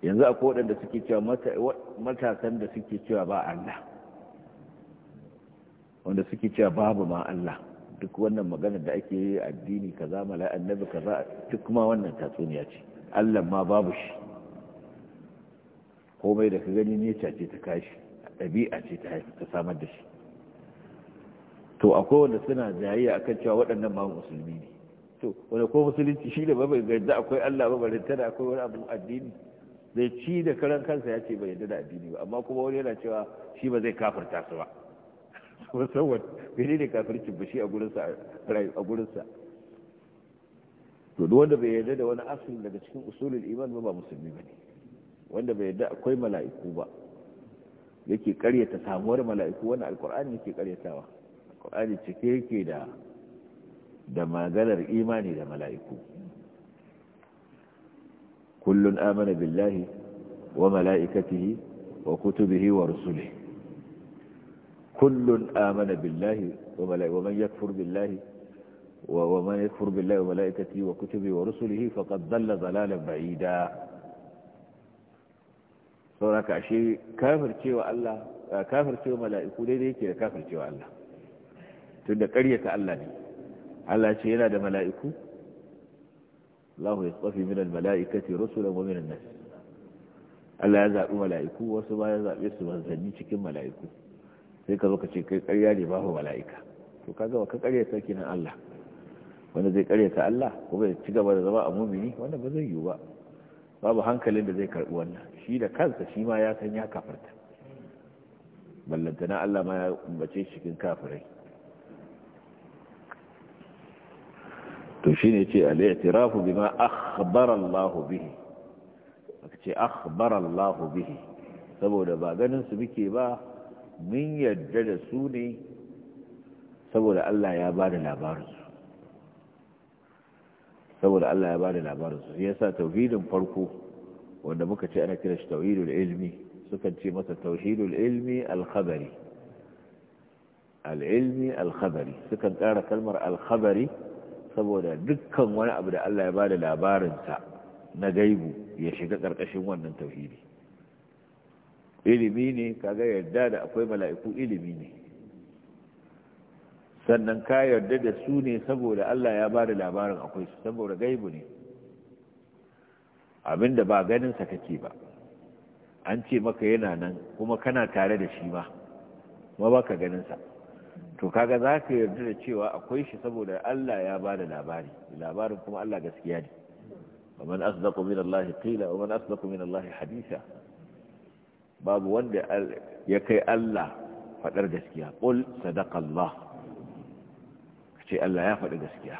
yanzu akwai waɗanda suke cewa matasan da suke cewa ba Allah wanda suke cewa babu ma Allah duk wannan maganar da ake yi addini za mala annabi kaza duk kuma wannan tatsuniya ce Allah ma babu shi komai da ka gani ne ce ta kashi ɗabi'a ce ta samar da shi to akwai wanda suna jayayya akan cewa waɗannan ma musulmi ne to wanda ko musulunci shi da ba bai akwai Allah ba bare tana akwai wani abu addini zai ci da karan kansa ya ce bai yadda da addini ba amma kuma wani yana cewa shi ba zai kafirta su ba musamman gani ne kafirci ba shi a gurinsa a gurinsa to duk wanda bai yadda da wani asali daga cikin usulul iman ba ba musulmi ne wanda bai yadda akwai mala'iku ba yake karyata samuwar mala'iku wani alkur'ani yake karyatawa ƙur'ani cike yake da da maganar imani da mala'iku kullun amana billahi wa mala'ikatihi wa kutubihi wa Rusuli. kullun amana billahi wa mala'ikatihi wa man yakfur billahi ومن wa بالله وملائكته وكتبه ورسله فقد ضل ضلالا بعيدا sauraka ashe kafircewa Allah kafircewa mala'iku daidai yake da kafircewa Allah tun da ƙaryata Allah ne Allah ce yana da mala'iku Allah ya tsafi minan mala'ikati rasulun wa minan nas Allah ya zaɓi mala'iku wasu ba ya zaɓe su manzanni cikin mala'iku sai ka zo ka ce kai ƙarya ne babu mala'ika to kaga wa ka ƙaryata kenan Allah wanda zai ƙaryata Allah ko bai ci gaba da zama a mumini wanda ba zai yiwu ba babu hankalin da zai karɓi wannan shi da kansa shi ma ya san ya kafarta ballantana Allah ma ya bace cikin kafirai to shi shine yace al-i'tirafu bima akhbara lahu bihi ce akhbara lahu bihi saboda ba ganin su muke ba mun yarda da su ne saboda Allah ya bada labarin su saboda Allah ya bada labarin su yasa tauhidin farko wanda muka ce ana kira shi tauhidul ilmi sukan ce masa tauhidul ilmi al-khabari al-ilmi al-khabari sukan kara kalmar al-khabari saboda dukkan wani abu da Allah ya ba da labarinsa na gaibu ya shiga ƙarƙashin wannan tauhidi ilimi ne kaga yarda da akwai mala'iku ilimi ne sannan ka yarda da su ne saboda Allah ya ba da labarin akwai su saboda gaibu ne abinda ba ganinsa kake ba an ce maka yana nan kuma kana tare da shi ma ma ba ka ganinsa to kaga za ka yarda da cewa akwai shi saboda Allah ya bada da labari labarin kuma Allah gaskiya ne wa man asdaqu min Allah qila wa man asdaqu hadisa babu wanda ya kai Allah fadar gaskiya qul sadaqa Allah kace Allah ya fada gaskiya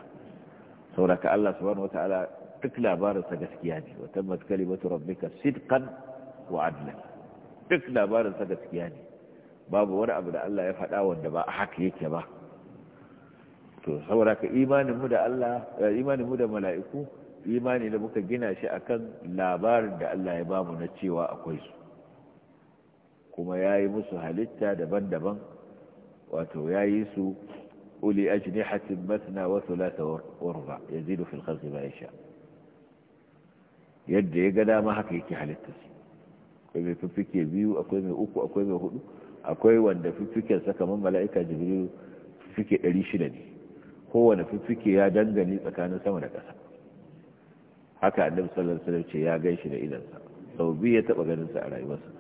saboda Allah subhanahu wataala duk labarin gaskiya ne wa tammat kalimatu rabbika sidqan wa adlan duk labarin gaskiya ne babu wani abu da Allah ya faɗa wanda ba haka yake ba to saboda ka imanin mu da Allah eh, imanin da mala'iku imani da muka gina shi akan labarin da Allah ya bamu na cewa akwai su kuma yayi musu halitta daban-daban wato yayi su uli ajnihatin mathna wa thulatha wa ruba yazidu fil khalqi ma yasha yadda ya ga dama haka yake halitta su akwai mai biyu akwai mai uku akwai mai hudu akwai wanda saka mun mala'ika jibril fiffike 600 ne kowane fiffike ya dangane tsakanin sama da ƙasa haka annabi sallallahu alaihi wasallam ce ya gaishe da idansa sau biyu ya taba ganin sa a rayuwarsa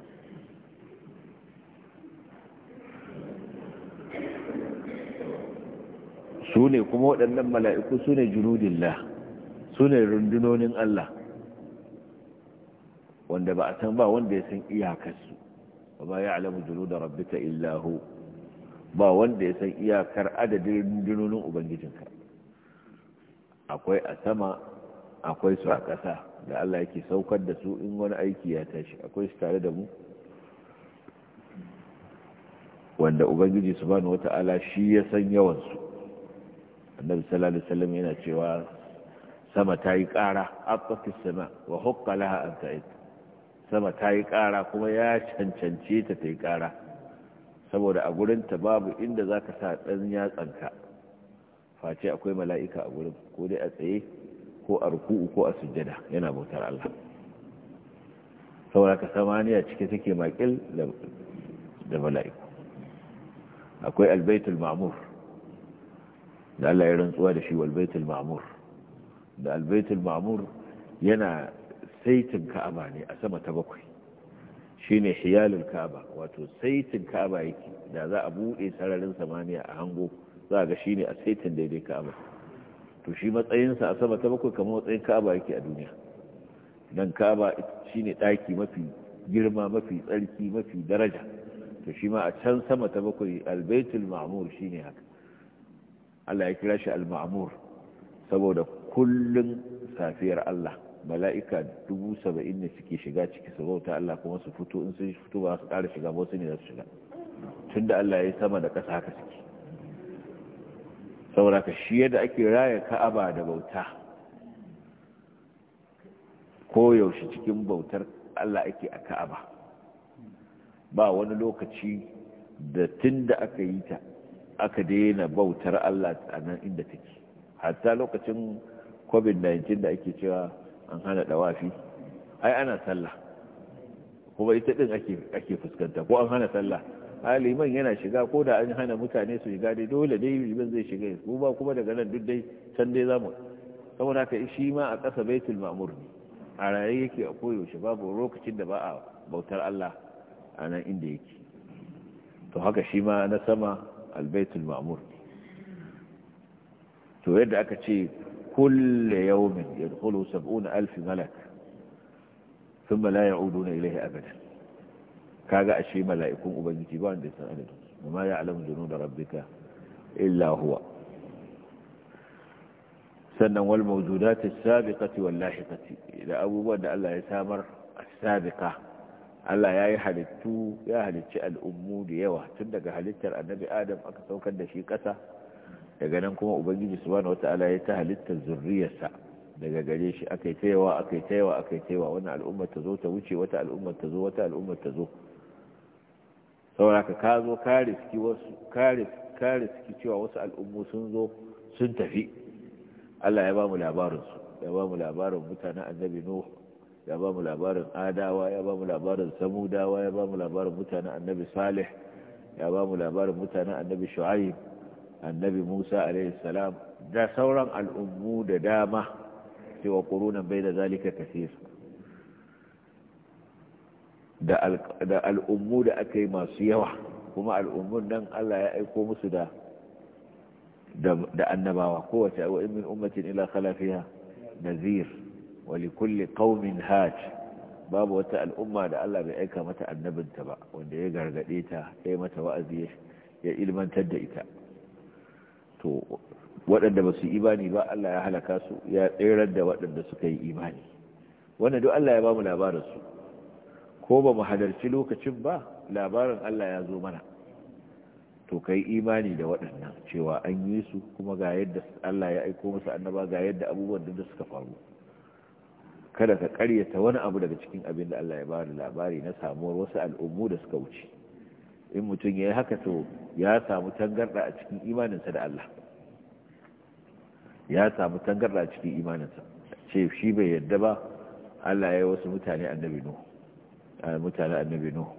su ne kuma waɗannan mala'iku su ne junudillah su ne rundunonin Allah wanda ba a san ba wanda ya san iyakarsu ba ya alamu junu da illa illahu ba wanda ya san iyakar adadin rundunonin ubangijinka akwai a sama akwai su a ƙasa da Allah yake saukar da su in wani aiki ya tashi akwai su tare da mu wanda ubangiji subhanahu wata'ala shi ya san yawansu annabi sallallahu alaihi wasallam yana cewa sama ta yi ƙara aqfis sama wa laha an ta'id sama ta yi ƙara kuma ya cancanci ta ta yi ƙara saboda a ta babu inda za ka sa ɗan yatsanka face akwai mala'ika a gurin ko dai a tsaye ko a ruku'u ko a sujjada yana bautar Allah saboda ka samaniya cike take makil da mala'iku akwai albaitul ma’amur da Allah ya rantsuwa da shi albaitul ma’amur da albaitul ma'mur yana saitin ka'aba ne a sama ta bakwai shine hiyalin ka'aba wato saitin ka'aba yake da za a buɗe sararin samaniya a hango za a ga shine a saitin daidai ka'aba to shi matsayinsa a sama ta bakwai kamar matsayin ka'aba yake a duniya don ka'aba shi ne ɗaki mafi girma mafi tsarki mafi daraja to shi ma a can sama ta bakwai albaitul shi ne haka Allah ya kira shi al maamur saboda kullun safiyar Allah mala'ika dubu saba'in ne suke shiga ciki su bauta Allah kuma su fito in sun fito ba su ƙara shiga ba ne za su shiga tun da Allah ya yi sama da ƙasa haka suke saboda ka shi yadda ake raya ka'aba da bauta ko yaushe cikin bautar Allah ake a ka'aba ba wani lokaci da tun da aka yi ta aka daina bautar Allah a nan inda take hatta lokacin covid-19 da ake cewa an hana dawafi ai ana sallah kuma ita din ake ake fuskanta ko an hana sallah aliman yana shiga ko da an hana mutane su shiga dai dole dai liman zai shiga ko ba kuma daga nan duk dai can dai zamu saboda kai shi ma a ƙasa baitul ma'mur ne a raye yake a koyaushe babu lokacin da ba a bautar Allah a nan inda yake to haka shi ma na sama albaitul ma'mur to yadda aka ce كل يوم يدخله سبعون ألف ملك ثم لا يعودون إليه أبدا كاغا أشي ملائكم أبن جيبان دي وما يعلم جنود ربك إلا هو سنة والموجودات السابقة واللاحقة إذا أبو بان ألا يسامر السابقة ألا يا yi التو يا halicci al'ummu da yawa tun daga halittar annabi Adam aka saukar daga nan kuma ubangiji subhanahu wata'ala ya ta halittar zurriyarsa daga gare shi akai taiwa akai taiwa akai taiwa wannan al'ummar ta zo ta wuce wata al'ummar ta zo wata al'ummar ta zo saboda ka zo ka riski wasu ka riski cewa wasu al'ummu sun zo sun tafi Allah ya ba mu labarin su ya ba mu labarin mutanen annabi nuh ya ba mu labarin adawa ya ba mu labarin samudawa ya ba mu labarin mutanen annabi salih ya ba mu labarin mutanen annabi shu'aib annabi Musa alaihi salam da sauran al'ummu da dama cewa qurunan bai da zalika kaseer da al'ummu da aka yi masu yawa kuma al'ummun nan Allah ya aiko musu da da annabawa kowace wa min ummatin ila nazir wali li kulli qaumin haj babu wata al'umma da Allah bai aika mata annabinta ba wanda ya gargade ta ya mata wa'azi ya ilmantar da ita to waɗanda ba su imani ba Allah ya halaka su ya tsirar da waɗanda suka yi imani wannan duk Allah ya ba mu labaransu. ko ba mu halarci lokacin ba labarin Allah ya zo mana to kai imani da waɗannan cewa an yi su kuma ga yadda Allah ya aiko musu annaba ga yadda abubuwan da suka faru kada ka karyata wani abu daga cikin abin da Allah ya ba da labari na samuwar wasu al'ummu da suka wuce in mutum ya yi haka to ya samu tangarda a cikin imaninsa da Allah ya samu tangarda a cikin imaninsa ce shi bai yadda ba Allah ya yi wasu mutane annabi a mutane annabi nuhu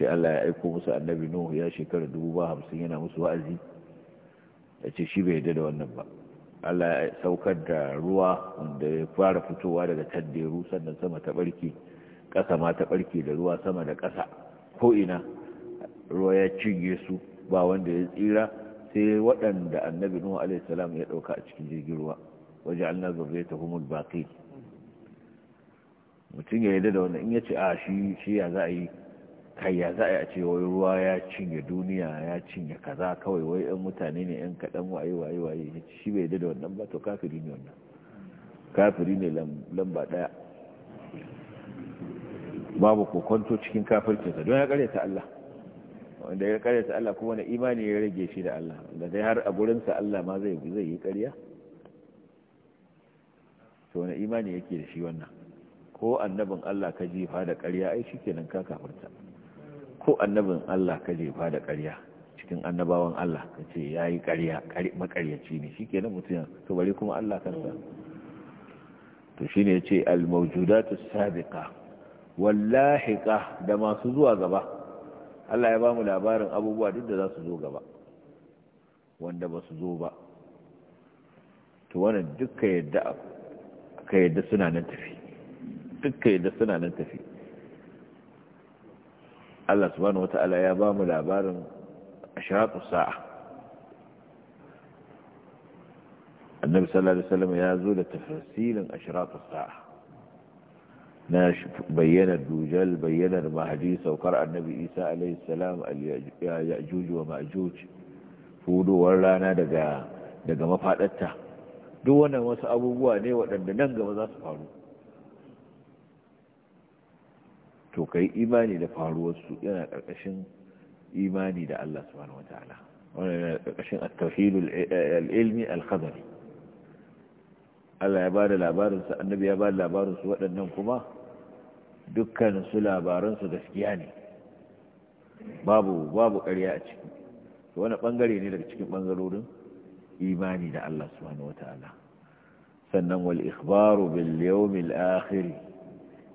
ce Allah ya aiko musu annabi nuhu ya shekara dubu ba hamsin yana musu wa'azi ya ce shi bai yadda da wannan ba Allah ya saukar da ruwa wanda ya fara fitowa daga tanderu sannan sama ta barke ƙasa ma ta barke da ruwa sama da ƙasa ko ina ruwa ya cinye su ba wanda ya tsira sai waɗanda annabi nuhu alaihi salam ya ɗauka a cikin jirgin ruwa waje allah zurre ta humul baƙi mutum ya yi da wannan in ya ce a shi shi ya za a yi kai ya za a yi a ce wai ruwa ya cinye duniya ya cinye kaza kawai wai yan mutane ne yan kaɗan waye waye waye shi bai yarda da wannan ba to kafiri ne wannan kafiri ne lamba ɗaya babu kokonto cikin kafirkinsa don ya karyata Allah wanda ya karyata Allah kuma wani imani ya rage shi da Allah da dai har a gurinsa Allah ma zai zai yi karya to wani imani yake da shi wannan ko annabin Allah ka jefa da karya ai shikenan ka kafirta ko annabin Allah ka jefa da karya cikin annabawan Allah ka ce yayi karya makaryaci ne shikenan mutum to bari kuma Allah kansa to shine yace al mawjudatu sabiqa wallahiqa da masu zuwa gaba Allah ya ba mu labarin abubuwa duk da za su zo gaba wanda ba su zo ba to wannan duka yadda ka yadda suna nan tafi duka yadda suna nan tafi Allah subhanahu wata'ala ya ba mu labarin ashiratu sa'a annabi sallallahu alaihi wasallam ya zo da tafsirin ashiratu sa'a ناش بين الدوجل بين المحديث وقرأ النبي إيسى عليه السلام يأجوج ومأجوج فولو ولا ندقى ندقى مفعلتا دونا وسأبوه نيوة ننقى وزاس فارو توقي إيماني لفارو والسؤال الأشن إيماني لالله سبحانه وتعالى الأشن التوحيد العلمي الخبري الله يبارل أبارل النبي يبارل أبارل سواء ننقمه dukkan su labaransu gaskiya ne babu babu ƙarya a ciki wani ɓangare ne daga cikin ɓangarorin imani da Allah subhanahu wata'ala sannan wal ikhbaru bil yawmil akhir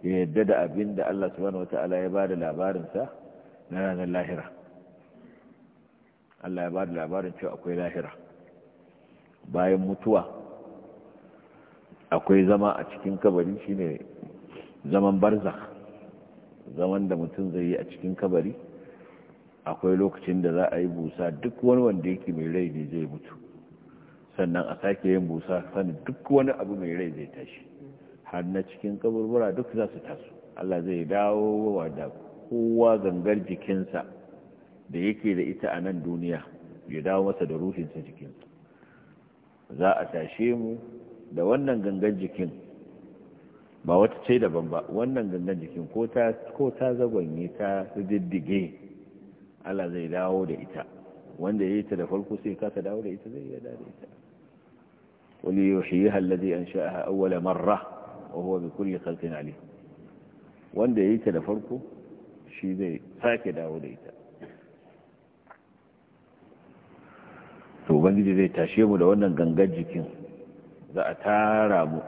ya yadda da abin da Allah subhanahu wata'ala ya bada labarin sa na ranar lahira Allah ya bada labarin cewa akwai lahira bayan mutuwa akwai zama a cikin kabari shine zaman barzakh zaman da mutum zai yi a cikin kabari akwai lokacin da za a yi busa duk wani wanda yake mai rai ne zai mutu sannan a sake yin busa sannan duk wani abu mai rai zai tashi har na cikin kaburbura duk za su taso Allah zai dawo wa da kowa gangar jikinsa da yake da ita a nan duniya ya dawo masa da ruhinsa jikinsa za a tashe mu da wannan gangar jikin ba wata ce daban ba wannan gangan jikin ko ta zagonye ta diddige Allah zai dawo da ita wanda ya yi ta da farko sai ka ta dawo da ita zai yada da ita wani yi hallazi an sha a awwala marra a huwa bi kulli khalqin ali wanda ya yi ta da farko shi zai sake dawo da ita to ubangiji zai tashe mu da wannan gangan jikin za a tara mu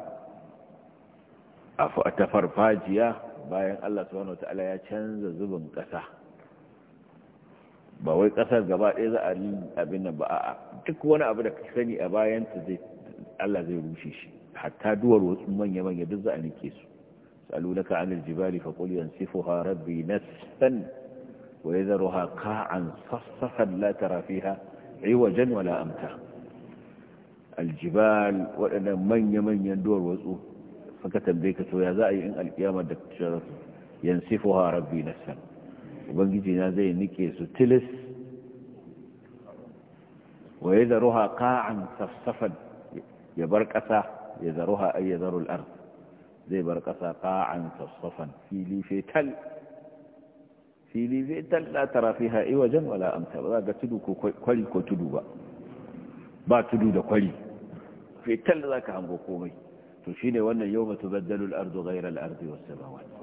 a ta farfajiya bayan Allah subhanahu wata'ala ya canza zubin ƙasa ba wai ƙasar gaba ɗaya za a yi abin nan ba a duk wani abu da ka sani a bayan ta zai Allah zai rushe shi hatta duwar wasu manya-manya duk za a nike su salunaka anil jibali fa qul yansifuha rabbi nasfan wa yadharuha qa'an saffan la tara fiha iwajan wala amta aljibal waɗannan manya-manyan duwar wasu فكتب بيك سويا ذائي إن القيامة دكتشارت ينسفها ربي نفسا وبنجي نازي نكيس تلس ويذرها قاعا صفصفا يبركسا يذرها أي يذر الأرض زي بركسا قاعا صفصفا في لي في تل في لي في تل لا ترى فيها إوجا ولا أمسا ولا تدو كل كتدوبا با تدود كل في تل ذاك أمركومي to shine wannan yau tubaddalu baddalul ardu ghayra al-ardi was-samawati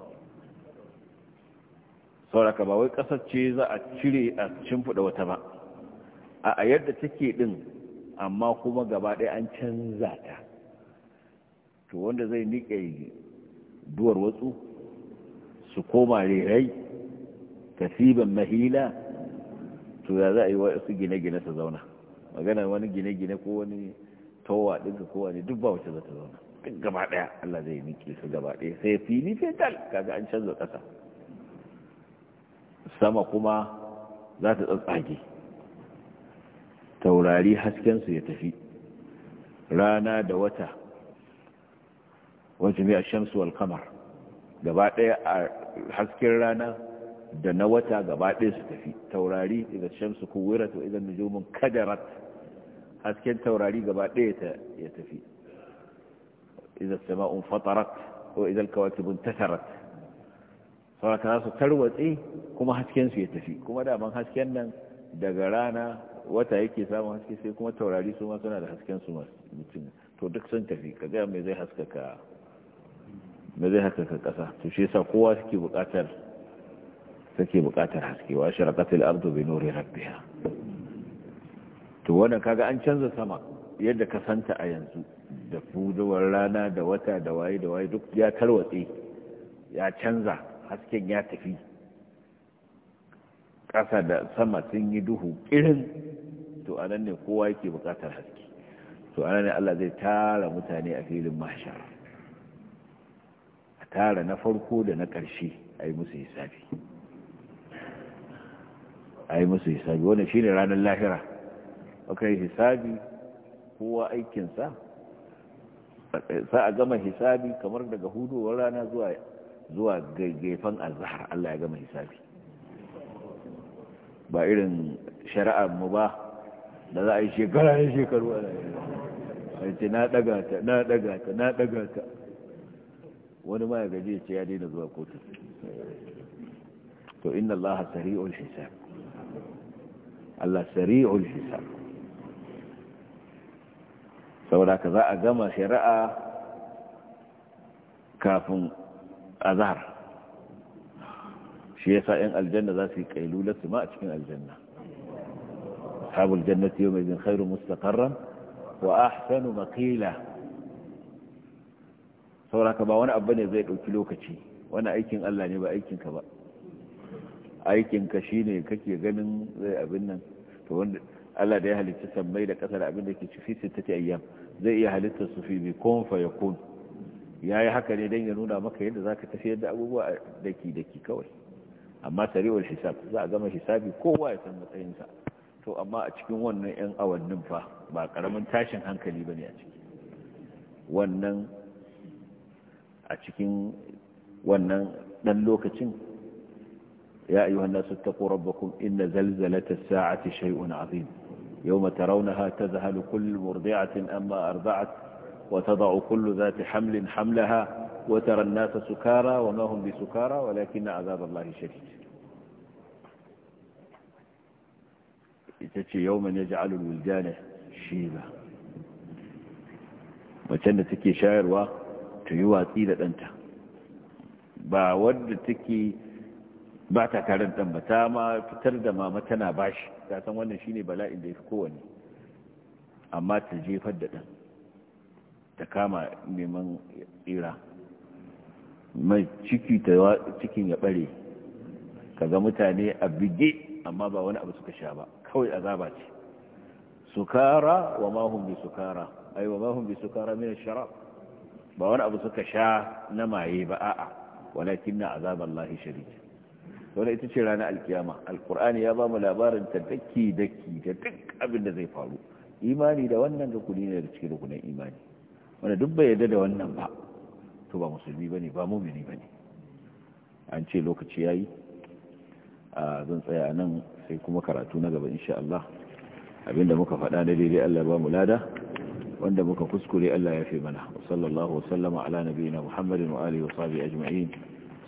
sauraka ba wai kasar ce za a cire a shimfida wata ba a yadda take din amma kuma gaba ɗaya an canza ta to wanda zai nike duwar watsu su koma rerai kasiban mahila to ya za a yi wasu gine-gine su zauna magana wani gine-gine ko wani towa ɗinka ko wani duk ba wace za ta zauna duk gaba daya Allah zai nike su gaba daya sai fili fetal kaga an canza ƙasa sama kuma za ta tsatsage taurari hasken su ya tafi rana da wata wajen ya shamsu wal kamar gaba daya a hasken rana da na wata gaba ɗaya su tafi taurari idan shamsu kuwirat wa idan nujumun kadarat hasken taurari gaba ɗaya ya tafi idza as-sama'u fatarat wa idza al-kawakib intasharat saboda su tarwatse kuma hasken su ya tafi kuma da ban hasken nan daga rana wata yake samun haske sai kuma taurari su ma suna da hasken su mutum to duk sun tafi kaga me zai haskaka me zai haskaka kasa to shi yasa kowa suke buƙatar take buƙatar haske wa sharaqatil ardu bi nuri rabbiha to wannan kaga an canza sama yadda ka santa a yanzu da fuzowar rana da wata da waye da waye duk ya tarwatse ya canza hasken ya tafi ƙasa da sama sun yi duhu irin to a nan ne kowa yake buƙatar haske to a nan ne Allah zai tara mutane a filin mashar a tara na farko da na ƙarshe a yi musu hisabi a yi musu hisabi wanda shi ne ranar lahira ok yi hisabi kowa aikinsa sa a gama hisabi kamar daga hudowar rana zuwa zuwa gefen alzahar. Allah ya gama hisabi ba irin shari'ar mu ba da za a yi shekara ne shekaru a ce na daga ta na daga ta na daga ta wani ma ya gaji ce ya daina zuwa kotu to inna Allah sari'ul hisab Allah sari'ul hisab saboda ka za a gama shari'a kafin azhar shi yasa yan aljanna za su yi kailula su ma a cikin aljanna ashabul jannati yawmaidin khairu mustaqarran wa ahsanu maqila saboda ka ba wani abu ne zai dauki lokaci wani aikin Allah ne ba aikin ka ba aikin ka shine kake ganin zai abin nan to wanda Allah da ya halitta sammai da ƙasar abin da ke ta sittati ayyam zai iya halitta su fi bikon fa ya ya yayi haka ne dan ya nuna maka yadda zaka tafiyar da abubuwa daki daki kawai amma sari'ul hisab za a gama hisabi kowa ya san matsayinsa to amma a cikin wannan yan awannin fa ba karamin tashin hankali bane a ciki wannan a cikin wannan dan lokacin ya ayyuhan nasu taqu inna zalzalata ta saati shay'un 'azim يوم ترونها تذهل كل مرضعة أما أرضعت وتضع كل ذات حمل حملها وترى الناس سكارى وما هم بسكارى ولكن عذاب الله شديد تتشي يوما يجعل الولدان شيبا وكان تكي شاعر وتيواتي لدنت با ود تكي ba ta tare da ba ta ma fitar da mama tana bashi ta san wannan shine bala'in da fi kowanne amma ta jefar da ɗan ta kama neman ira mai ciki ta cikin ya bare kaga mutane a bige amma ba wani abu suka sha ba kawai azaba ce sukara wa mahum bi sukara ai wa bi sukara min ba wani abu suka sha na maye ba a'a walakin na azaballahi shadid wani ita ce ranar alkiyama alkur'ani ya ba mu labarin ta dake dake da duk abin da zai faru imani da wannan ga kudi ne da cikin rukunan imani wanda duk bai yarda da wannan ba to ba musulmi bane ba mumini bane an ce lokaci yayi a zan tsaya nan sai kuma karatu na gaba insha Allah abinda muka faɗa da daidai Allah ba mu lada wanda muka kuskure Allah ya fi mana sallallahu wasallama ala nabiyina Muhammadin wa alihi wa sahbihi ajma'in